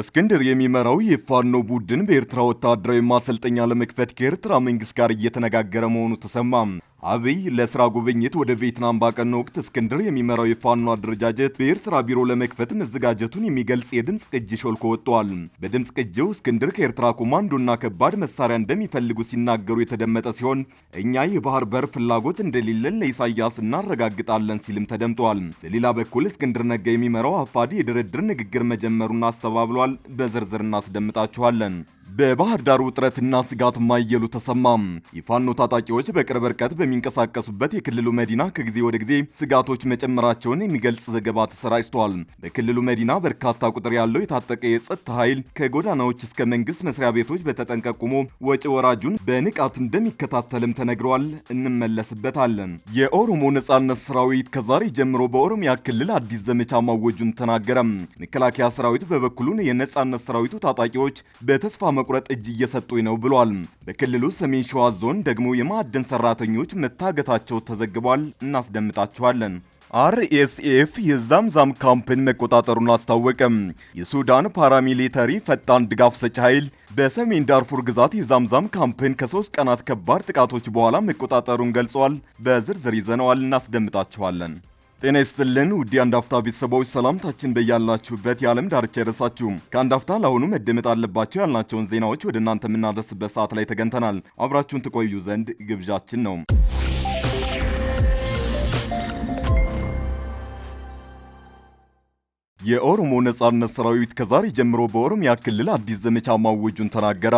እስክንድር የሚመራው የፋኖ ቡድን በኤርትራ ወታደራዊ ማሰልጠኛ ለመክፈት ከኤርትራ መንግስት ጋር እየተነጋገረ መሆኑ ተሰማ። አብይ ለስራ ጉብኝት ወደ ቪየትናም ባቀኑ ወቅት እስክንድር የሚመራው የፋኖ አደረጃጀት በኤርትራ ቢሮ ለመክፈት መዘጋጀቱን የሚገልጽ የድምፅ ቅጂ ሾልኮ ወጥቷል። በድምፅ ቅጂው እስክንድር ከኤርትራ ኮማንዶና ከባድ መሳሪያ እንደሚፈልጉ ሲናገሩ የተደመጠ ሲሆን እኛ የባህር በር ፍላጎት እንደሌለን ለኢሳያስ እናረጋግጣለን ሲልም ተደምጧል። በሌላ በኩል እስክንድር ነጋ የሚመራው አፋድ የድርድር ንግግር መጀመሩን አስተባብሏል። በዝርዝር እናስደምጣችኋለን። በባህር ዳር ውጥረትና ስጋት ማየሉ ተሰማ። የፋኖ ታጣቂዎች በቅርብ ርቀት በሚንቀሳቀሱበት የክልሉ መዲና ከጊዜ ወደ ጊዜ ስጋቶች መጨመራቸውን የሚገልጽ ዘገባ ተሰራጭቷል። በክልሉ መዲና በርካታ ቁጥር ያለው የታጠቀ የጸጥታ ኃይል ከጎዳናዎች እስከ መንግስት መስሪያ ቤቶች በተጠንቀቅ ቆሞ ወጪ ወራጁን በንቃት እንደሚከታተልም ተነግሯል። እንመለስበታለን። የኦሮሞ ነጻነት ሰራዊት ከዛሬ ጀምሮ በኦሮሚያ ክልል አዲስ ዘመቻ ማወጁን ተናገረም። መከላከያ ሰራዊት በበኩሉን የነጻነት ሰራዊቱ ታጣቂዎች በተስፋ ለመቁረጥ እጅ እየሰጡኝ ነው ብሏል። በክልሉ ሰሜን ሸዋ ዞን ደግሞ የማዕድን ሰራተኞች መታገታቸው ተዘግቧል። እናስደምጣችኋለን። አርኤስኤፍ የዛምዛም ካምፕን መቆጣጠሩን አስታወቀም። የሱዳን ፓራሚሊተሪ ፈጣን ድጋፍ ሰጪ ኃይል በሰሜን ዳርፉር ግዛት የዛምዛም ካምፕን ከሶስት ቀናት ከባድ ጥቃቶች በኋላ መቆጣጠሩን ገልጿል። በዝርዝር ይዘነዋል፣ እናስደምጣችኋለን። ጤና ይስጥልን ውድ አንዳፍታ ቤተሰቦች፣ ሰላምታችን በያላችሁበት የዓለም ዳርቻ ይድረሳችሁም። ከአንዳፍታ ለአሁኑ መደመጥ አለባቸው ያልናቸውን ዜናዎች ወደ እናንተ የምናደርስበት ሰዓት ላይ ተገንተናል። አብራችሁን ትቆዩ ዘንድ ግብዣችን ነው። የኦሮሞ ነጻነት ሰራዊት ከዛሬ ጀምሮ በኦሮሚያ ክልል አዲስ ዘመቻ ማወጁን ተናገረ።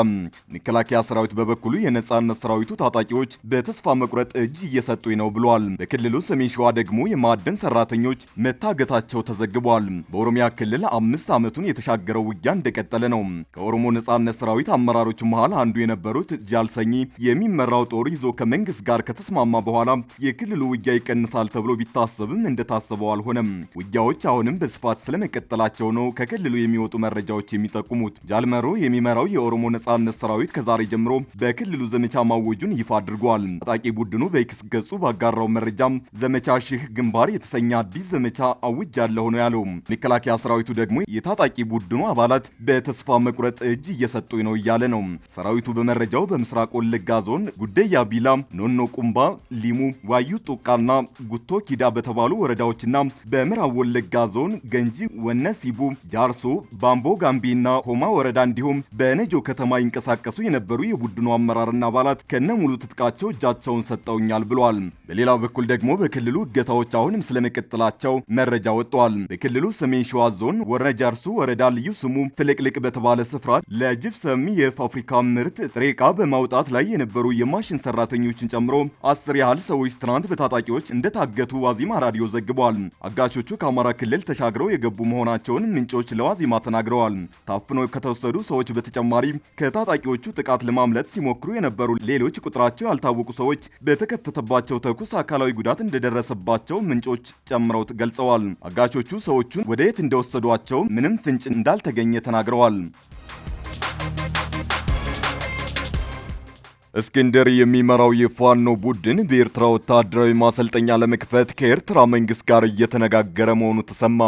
መከላከያ ሰራዊት በበኩሉ የነጻነት ሰራዊቱ ታጣቂዎች በተስፋ መቁረጥ እጅ እየሰጡኝ ነው ብሏል። በክልሉ ሰሜን ሸዋ ደግሞ የማዕድን ሰራተኞች መታገታቸው ተዘግቧል። በኦሮሚያ ክልል አምስት ዓመቱን የተሻገረው ውጊያ እንደቀጠለ ነው። ከኦሮሞ ነጻነት ሰራዊት አመራሮች መሃል አንዱ የነበሩት ጃልሰኝ የሚመራው ጦር ይዞ ከመንግስት ጋር ከተስማማ በኋላ የክልሉ ውጊያ ይቀንሳል ተብሎ ቢታሰብም እንደታሰበው አልሆነም። ውጊያዎች አሁንም በስፋት ስለመቀጠላቸው ነው ከክልሉ የሚወጡ መረጃዎች የሚጠቁሙት። ጃልመሮ የሚመራው የኦሮሞ ነጻነት ሰራዊት ከዛሬ ጀምሮ በክልሉ ዘመቻ ማወጁን ይፋ አድርጓል። ታጣቂ ቡድኑ በኤክስ ገጹ ባጋራው መረጃም ዘመቻ ሺህ ግንባር የተሰኘ አዲስ ዘመቻ አውጃለሁ ነው ያለው። መከላከያ ሰራዊቱ ደግሞ የታጣቂ ቡድኑ አባላት በተስፋ መቁረጥ እጅ እየሰጡ ነው እያለ ነው። ሰራዊቱ በመረጃው በምስራቅ ወለጋ ዞን ጉደያ ቢላ፣ ኖኖ ቁምባ፣ ሊሙ፣ ዋዩ ጡቃና ጉቶ ኪዳ በተባሉ ወረዳዎችና በምዕራብ ወለጋ ዞን ገንጂ ወነሲቡ፣ ጃርሶ፣ ባምቦ ጋምቤና ሆማ ወረዳ እንዲሁም በነጆ ከተማ ይንቀሳቀሱ የነበሩ የቡድኑ አመራርና አባላት ከነ ሙሉ ትጥቃቸው እጃቸውን ሰጠውኛል ብሏል። በሌላ በኩል ደግሞ በክልሉ እገታዎች አሁንም ስለመቀጠላቸው መረጃ ወጥቷል። በክልሉ ሰሜን ሸዋ ዞን ጃርሶ ወረዳ ልዩ ስሙ ፍልቅልቅ በተባለ ስፍራ ለጅፕሰም የፋብሪካ ምርት ጥሬ ዕቃ በማውጣት ላይ የነበሩ የማሽን ሰራተኞችን ጨምሮ አስር ያህል ሰዎች ትናንት በታጣቂዎች እንደታገቱ ዋዜማ ራዲዮ ዘግቧል። አጋቾቹ ከአማራ ክልል ተሻግረው የገቡ የገቡ መሆናቸውን ምንጮች ለዋዜማ ተናግረዋል። ታፍነው ከተወሰዱ ሰዎች በተጨማሪ ከታጣቂዎቹ ጥቃት ለማምለጥ ሲሞክሩ የነበሩ ሌሎች ቁጥራቸው ያልታወቁ ሰዎች በተከፈተባቸው ተኩስ አካላዊ ጉዳት እንደደረሰባቸው ምንጮች ጨምረው ገልጸዋል። አጋቾቹ ሰዎቹን ወደ የት እንደወሰዷቸው ምንም ፍንጭ እንዳልተገኘ ተናግረዋል። እስክንድር የሚመራው የፋኖ ቡድን በኤርትራ ወታደራዊ ማሰልጠኛ ለመክፈት ከኤርትራ መንግስት ጋር እየተነጋገረ መሆኑ ተሰማ።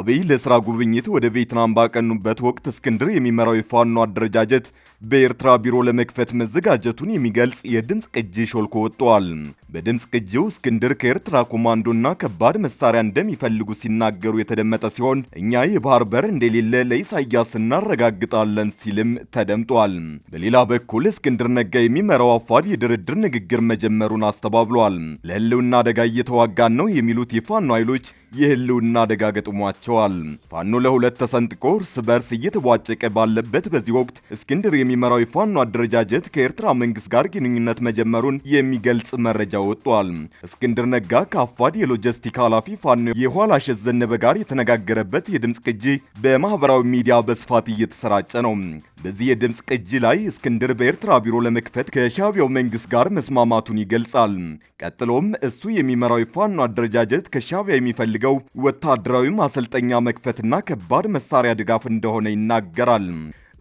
አብይ ለስራ ጉብኝት ወደ ቪየትናም ባቀኑበት ወቅት እስክንድር የሚመራው የፋኖ አደረጃጀት በኤርትራ ቢሮ ለመክፈት መዘጋጀቱን የሚገልጽ የድምፅ ቅጂ ሾልኮ ወጥቷል። በድምፅ ቅጂው እስክንድር ከኤርትራ ኮማንዶና ከባድ መሳሪያ እንደሚፈልጉ ሲናገሩ የተደመጠ ሲሆን እኛ የባህር በር እንደሌለ ለኢሳያስ እናረጋግጣለን ሲልም ተደምጧል። በሌላ በኩል እስክንድር ነጋ የሚመራው አፋድ የድርድር ንግግር መጀመሩን አስተባብሏል። ለህልውና አደጋ እየተዋጋን ነው የሚሉት የፋኖ ኃይሎች የህልውና አደጋ ገጥሟቸው ተሰጥቷቸዋል። ፋኖ ለሁለት ተሰንጥቆ እርስ በርስ እየተቧጨቀ ባለበት በዚህ ወቅት እስክንድር የሚመራው የፋኖ አደረጃጀት ከኤርትራ መንግስት ጋር ግንኙነት መጀመሩን የሚገልጽ መረጃ ወጥቷል። እስክንድር ነጋ ከአፋድ የሎጂስቲክ ኃላፊ ፋኖ የኋላሸት ዘነበ ጋር የተነጋገረበት የድምፅ ቅጂ በማህበራዊ ሚዲያ በስፋት እየተሰራጨ ነው። በዚህ የድምፅ ቅጂ ላይ እስክንድር በኤርትራ ቢሮ ለመክፈት ከሻቢያው መንግስት ጋር መስማማቱን ይገልጻል። ቀጥሎም እሱ የሚመራው የፋኖ አደረጃጀት ከሻቢያ የሚፈልገው ወታደራዊ ማሰልጠኛ መክፈትና ከባድ መሳሪያ ድጋፍ እንደሆነ ይናገራል።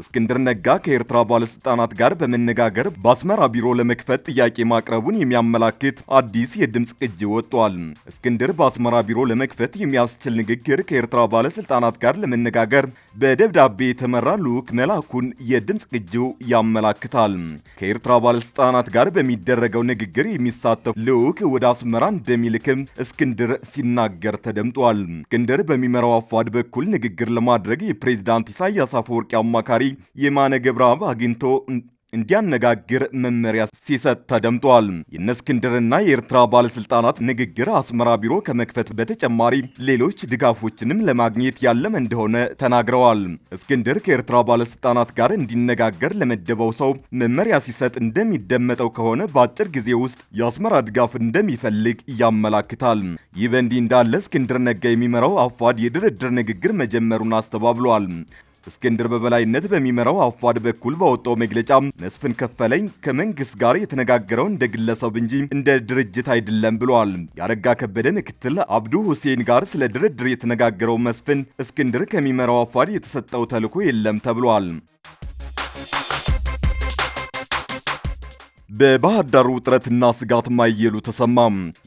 እስክንድር ነጋ ከኤርትራ ባለስልጣናት ጋር በመነጋገር በአስመራ ቢሮ ለመክፈት ጥያቄ ማቅረቡን የሚያመላክት አዲስ የድምፅ ቅጂ ወጥቷል። እስክንድር በአስመራ ቢሮ ለመክፈት የሚያስችል ንግግር ከኤርትራ ባለስልጣናት ጋር ለመነጋገር በደብዳቤ የተመራ ልዑክ መላኩን የድምፅ ቅጂው ያመላክታል። ከኤርትራ ባለስልጣናት ጋር በሚደረገው ንግግር የሚሳተፉ ልዑክ ወደ አስመራ እንደሚልክም እስክንድር ሲናገር ተደምጧል። እስክንድር በሚመራው አፋድ በኩል ንግግር ለማድረግ የፕሬዚዳንት ኢሳያስ አፈወርቂ አማካሪ የማነ ገብረአብ አግኝቶ እንዲያነጋግር መመሪያ ሲሰጥ ተደምጧል። የእነ እስክንድርና የኤርትራ ባለስልጣናት ንግግር አስመራ ቢሮ ከመክፈት በተጨማሪ ሌሎች ድጋፎችንም ለማግኘት ያለም እንደሆነ ተናግረዋል። እስክንድር ከኤርትራ ባለስልጣናት ጋር እንዲነጋገር ለመደበው ሰው መመሪያ ሲሰጥ እንደሚደመጠው ከሆነ በአጭር ጊዜ ውስጥ የአስመራ ድጋፍ እንደሚፈልግ ያመላክታል። ይህ በእንዲህ እንዳለ እስክንድር ነጋ የሚመራው አፋድ የድርድር ንግግር መጀመሩን አስተባብሏል። እስክንድር በበላይነት በሚመራው አፋድ በኩል ባወጣው መግለጫ መስፍን ከፈለኝ ከመንግስት ጋር የተነጋገረው እንደ ግለሰብ እንጂ እንደ ድርጅት አይደለም ብሏል። ያረጋ ከበደ ምክትል አብዱ ሁሴን ጋር ስለ ድርድር የተነጋገረው መስፍን እስክንድር ከሚመራው አፋድ የተሰጠው ተልዕኮ የለም ተብሏል። በባህር ዳር ውጥረትና ስጋት ማየሉ ተሰማ።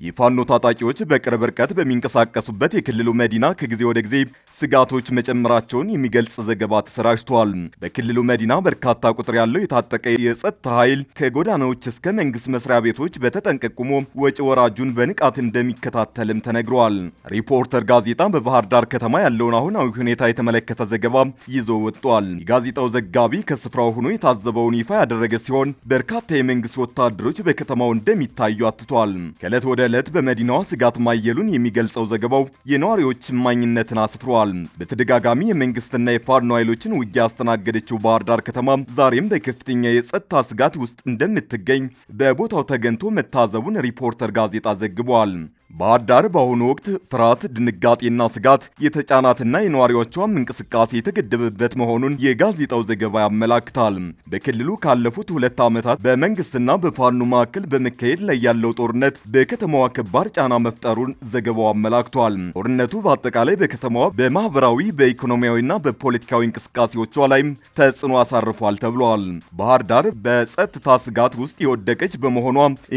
የፋኖ ታጣቂዎች በቅርብ ርቀት በሚንቀሳቀሱበት የክልሉ መዲና ከጊዜ ወደ ጊዜ ስጋቶች መጨመራቸውን የሚገልጽ ዘገባ ተሰራጭቷል። በክልሉ መዲና በርካታ ቁጥር ያለው የታጠቀ የጸጥታ ኃይል ከጎዳናዎች እስከ መንግስት መስሪያ ቤቶች በተጠንቀቅ ቆሞ ወጪ ወራጁን በንቃት እንደሚከታተልም ተነግሯል። ሪፖርተር ጋዜጣ በባህር ዳር ከተማ ያለውን አሁናዊ ሁኔታ የተመለከተ ዘገባ ይዞ ወጥቷል። የጋዜጣው ዘጋቢ ከስፍራው ሆኖ የታዘበውን ይፋ ያደረገ ሲሆን በርካታ የመንግስት የዩኤስ ወታደሮች በከተማው እንደሚታዩ አትቷል። ከእለት ወደ ዕለት በመዲናዋ ስጋት ማየሉን የሚገልጸው ዘገባው የነዋሪዎች ማኝነትን አስፍሯል። በተደጋጋሚ የመንግስትና የፋኖ ኃይሎችን ውጊያ ያስተናገደችው ባህር ዳር ከተማ ዛሬም በከፍተኛ የጸጥታ ስጋት ውስጥ እንደምትገኝ በቦታው ተገኝቶ መታዘቡን ሪፖርተር ጋዜጣ ዘግቧል። ባህዳር በአሁኑ ወቅት ፍርሃት፣ ድንጋጤና ስጋት የተጫናትና የነዋሪዎቿም እንቅስቃሴ የተገደበበት መሆኑን የጋዜጣው ዘገባ ያመላክታል። በክልሉ ካለፉት ሁለት ዓመታት በመንግስትና በፋኖ መካከል በመካሄድ ላይ ያለው ጦርነት በከተማዋ ከባድ ጫና መፍጠሩን ዘገባው አመላክቷል። ጦርነቱ በአጠቃላይ በከተማዋ በማህበራዊ በኢኮኖሚያዊና በፖለቲካዊ እንቅስቃሴዎቿ ላይም ተጽዕኖ አሳርፏል ተብሏል። ባህር ዳር በጸጥታ ስጋት ውስጥ የወደቀች በመሆኗ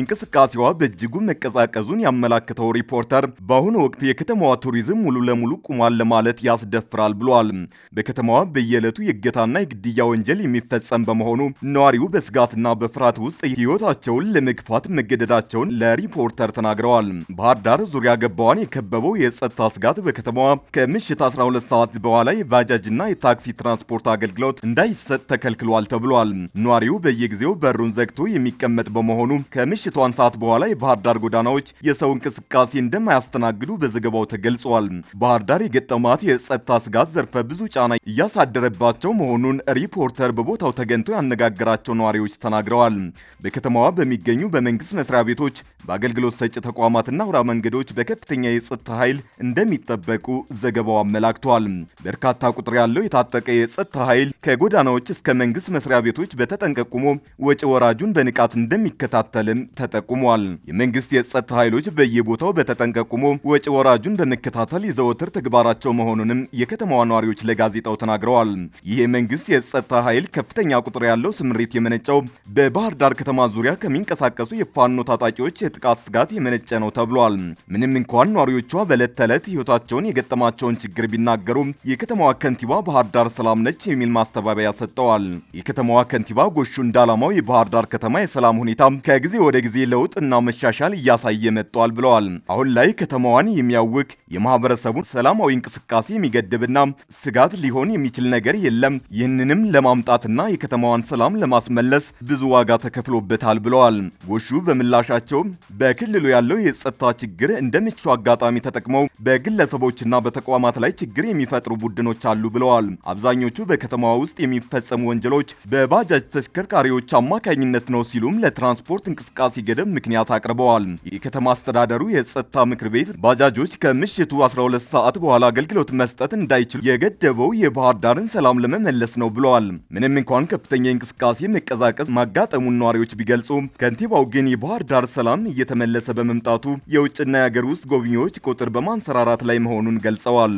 እንቅስቃሴዋ በእጅጉ መቀዛቀዙን ያመላክተው የዘገበው ሪፖርተር በአሁኑ ወቅት የከተማዋ ቱሪዝም ሙሉ ለሙሉ ቁሟል ለማለት ያስደፍራል ብሏል። በከተማዋ በየዕለቱ የእገታና የግድያ ወንጀል የሚፈጸም በመሆኑ ነዋሪው በስጋትና በፍርሃት ውስጥ ህይወታቸውን ለመግፋት መገደዳቸውን ለሪፖርተር ተናግረዋል። ባህር ዳር ዙሪያ ገባዋን የከበበው የጸጥታ ስጋት በከተማዋ ከምሽት 12 ሰዓት በኋላ የባጃጅና የታክሲ ትራንስፖርት አገልግሎት እንዳይሰጥ ተከልክሏል ተብሏል። ነዋሪው በየጊዜው በሩን ዘግቶ የሚቀመጥ በመሆኑ ከምሽቷን ሰዓት በኋላ የባህር ዳር ጎዳናዎች የሰው እንቅስቃሴ እንቅስቃሴ እንደማያስተናግዱ በዘገባው ተገልጿል። ባህር ዳር የገጠማት የጸጥታ ስጋት ዘርፈ ብዙ ጫና እያሳደረባቸው መሆኑን ሪፖርተር በቦታው ተገኝቶ ያነጋገራቸው ነዋሪዎች ተናግረዋል። በከተማዋ በሚገኙ በመንግስት መስሪያ ቤቶች፣ በአገልግሎት ሰጪ ተቋማትና አውራ መንገዶች በከፍተኛ የጸጥታ ኃይል እንደሚጠበቁ ዘገባው አመላክቷል። በርካታ ቁጥር ያለው የታጠቀ የጸጥታ ኃይል ከጎዳናዎች እስከ መንግስት መስሪያ ቤቶች በተጠንቀቅ ቆሞ ወጪ ወራጁን በንቃት እንደሚከታተልም ተጠቁሟል። የመንግስት የጸጥታ ኃይሎች በየቦ ቦታው በተጠንቀቁሞ ወጪ ወራጁን በመከታተል የዘወትር ተግባራቸው መሆኑንም የከተማዋ ነዋሪዎች ለጋዜጣው ተናግረዋል። ይህ የመንግስት የጸጥታ ኃይል ከፍተኛ ቁጥር ያለው ስምሪት የመነጨው በባህር ዳር ከተማ ዙሪያ ከሚንቀሳቀሱ የፋኖ ታጣቂዎች የጥቃት ስጋት የመነጨ ነው ተብሏል። ምንም እንኳን ነዋሪዎቿ በዕለት ተዕለት ህይወታቸውን የገጠማቸውን ችግር ቢናገሩም የከተማዋ ከንቲባ ባህር ዳር ሰላም ነች የሚል ማስተባበያ ሰጥተዋል። የከተማዋ ከንቲባ ጎሹ እንዳላማው የባህር ዳር ከተማ የሰላም ሁኔታ ከጊዜ ወደ ጊዜ ለውጥ እና መሻሻል እያሳየ መጥቷል ብለዋል። ተናግረዋል። አሁን ላይ ከተማዋን የሚያውክ የማህበረሰቡን ሰላማዊ እንቅስቃሴ የሚገድብና ስጋት ሊሆን የሚችል ነገር የለም። ይህንንም ለማምጣትና የከተማዋን ሰላም ለማስመለስ ብዙ ዋጋ ተከፍሎበታል ብለዋል። ጎሹ በምላሻቸው በክልሉ ያለው የጸጥታ ችግር እንደ ምቹ አጋጣሚ ተጠቅመው በግለሰቦችና በተቋማት ላይ ችግር የሚፈጥሩ ቡድኖች አሉ ብለዋል። አብዛኞቹ በከተማዋ ውስጥ የሚፈጸሙ ወንጀሎች በባጃጅ ተሽከርካሪዎች አማካኝነት ነው ሲሉም ለትራንስፖርት እንቅስቃሴ ገደብ ምክንያት አቅርበዋል። የከተማ አስተዳደሩ የጸጥታ ምክር ቤት ባጃጆች ከምሽቱ 12 ሰዓት በኋላ አገልግሎት መስጠት እንዳይችሉ የገደበው የባህር ዳርን ሰላም ለመመለስ ነው ብለዋል። ምንም እንኳን ከፍተኛ እንቅስቃሴ መቀዛቀዝ ማጋጠሙን ነዋሪዎች ቢገልጹ፣ ከንቲባው ግን የባህር ዳር ሰላም እየተመለሰ በመምጣቱ የውጭና የአገር ውስጥ ጎብኚዎች ቁጥር በማንሰራራት ላይ መሆኑን ገልጸዋል።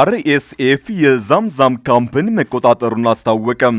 አርኤስኤፍ የዛምዛም ካምፕን መቆጣጠሩን አስታወቀም።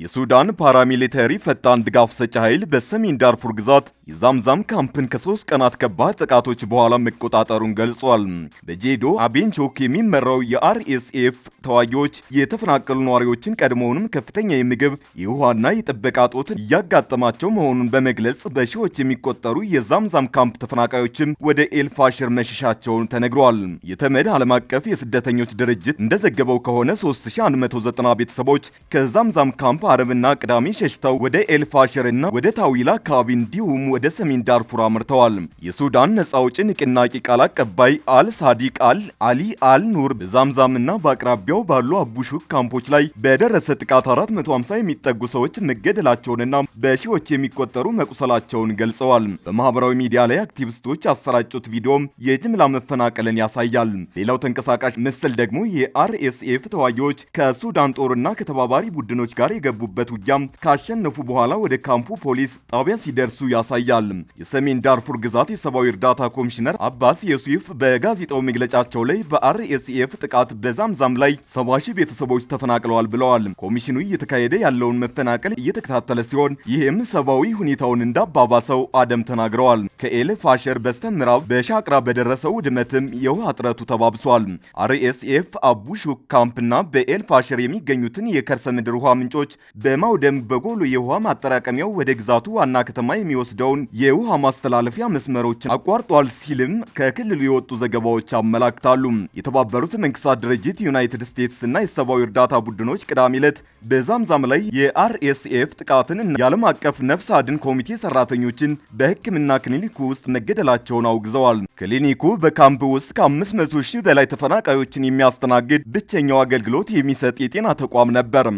የሱዳን ፓራሚሊተሪ ፈጣን ድጋፍ ሰጪ ኃይል በሰሜን ዳርፉር ግዛት የዛምዛም ካምፕን ከሶስት ቀናት ከባድ ጥቃቶች በኋላ መቆጣጠሩን ገልጿል። በጄዶ አቤንቾክ የሚመራው የአርኤስኤፍ ተዋጊዎች የተፈናቀሉ ነዋሪዎችን ቀድሞውንም ከፍተኛ የምግብ የውሃና የጥበቃ እጦት እያጋጠማቸው መሆኑን በመግለጽ በሺዎች የሚቆጠሩ የዛምዛም ካምፕ ተፈናቃዮችም ወደ ኤልፋሽር መሸሻቸውን ተነግሯል። የተመድ ዓለም አቀፍ የስደተኞች ድርጅት እንደዘገበው ከሆነ 3190 ቤተሰቦች ከዛምዛም ካምፕ ባለፈው አረብና ቅዳሜ ሸሽተው ወደ ኤልፋሽር እና ወደ ታዊላ አካባቢ እንዲሁም ወደ ሰሜን ዳርፉር አምርተዋል። የሱዳን ነጻ አውጪ ንቅናቄ ቃል አቀባይ አል ሳዲቅ አል አሊ አል ኑር በዛምዛም በአቅራቢያው ባሉ አቡሹክ ካምፖች ላይ በደረሰ ጥቃት 450 የሚጠጉ ሰዎች መገደላቸውንና በሺዎች የሚቆጠሩ መቁሰላቸውን ገልጸዋል። በማህበራዊ ሚዲያ ላይ አክቲቪስቶች ያሰራጩት ቪዲዮም የጅምላ መፈናቀልን ያሳያል። ሌላው ተንቀሳቃሽ ምስል ደግሞ የአርኤስኤፍ ተዋጊዎች ከሱዳን ጦርና ከተባባሪ ቡድኖች ጋር የገ በገቡበት ውጊያም ካሸነፉ በኋላ ወደ ካምፑ ፖሊስ ጣቢያ ሲደርሱ ያሳያል። የሰሜን ዳርፉር ግዛት የሰብአዊ እርዳታ ኮሚሽነር አባስ የሱፍ በጋዜጣው መግለጫቸው ላይ በአርኤስኤፍ ጥቃት በዛምዛም ላይ ሰባ ሺህ ቤተሰቦች ተፈናቅለዋል ብለዋል። ኮሚሽኑ እየተካሄደ ያለውን መፈናቀል እየተከታተለ ሲሆን ይህም ሰብአዊ ሁኔታውን እንዳባባሰው አደም ተናግረዋል። ከኤል ፋሸር በስተ ምዕራብ በሻቅራ በደረሰው ውድመትም የውሃ እጥረቱ ተባብሷል። አርኤስኤፍ አቡሹክ ካምፕና በኤል ፋሸር የሚገኙትን የከርሰ ምድር ውሃ ምንጮች በማውደም በጎሎ የውሃ ማጠራቀሚያው ወደ ግዛቱ ዋና ከተማ የሚወስደውን የውሃ ማስተላለፊያ መስመሮችን አቋርጧል ሲልም ከክልሉ የወጡ ዘገባዎች አመላክታሉ። የተባበሩት መንግስታት ድርጅት፣ ዩናይትድ ስቴትስ እና የሰብአዊ እርዳታ ቡድኖች ቅዳሜ ዕለት በዛምዛም ላይ የአርኤስኤፍ ጥቃትን እና የዓለም አቀፍ ነፍስ አድን ኮሚቴ ሰራተኞችን በሕክምና ክሊኒኩ ውስጥ መገደላቸውን አውግዘዋል። ክሊኒኩ በካምፕ ውስጥ ከ500 ሺህ በላይ ተፈናቃዮችን የሚያስተናግድ ብቸኛው አገልግሎት የሚሰጥ የጤና ተቋም ነበር።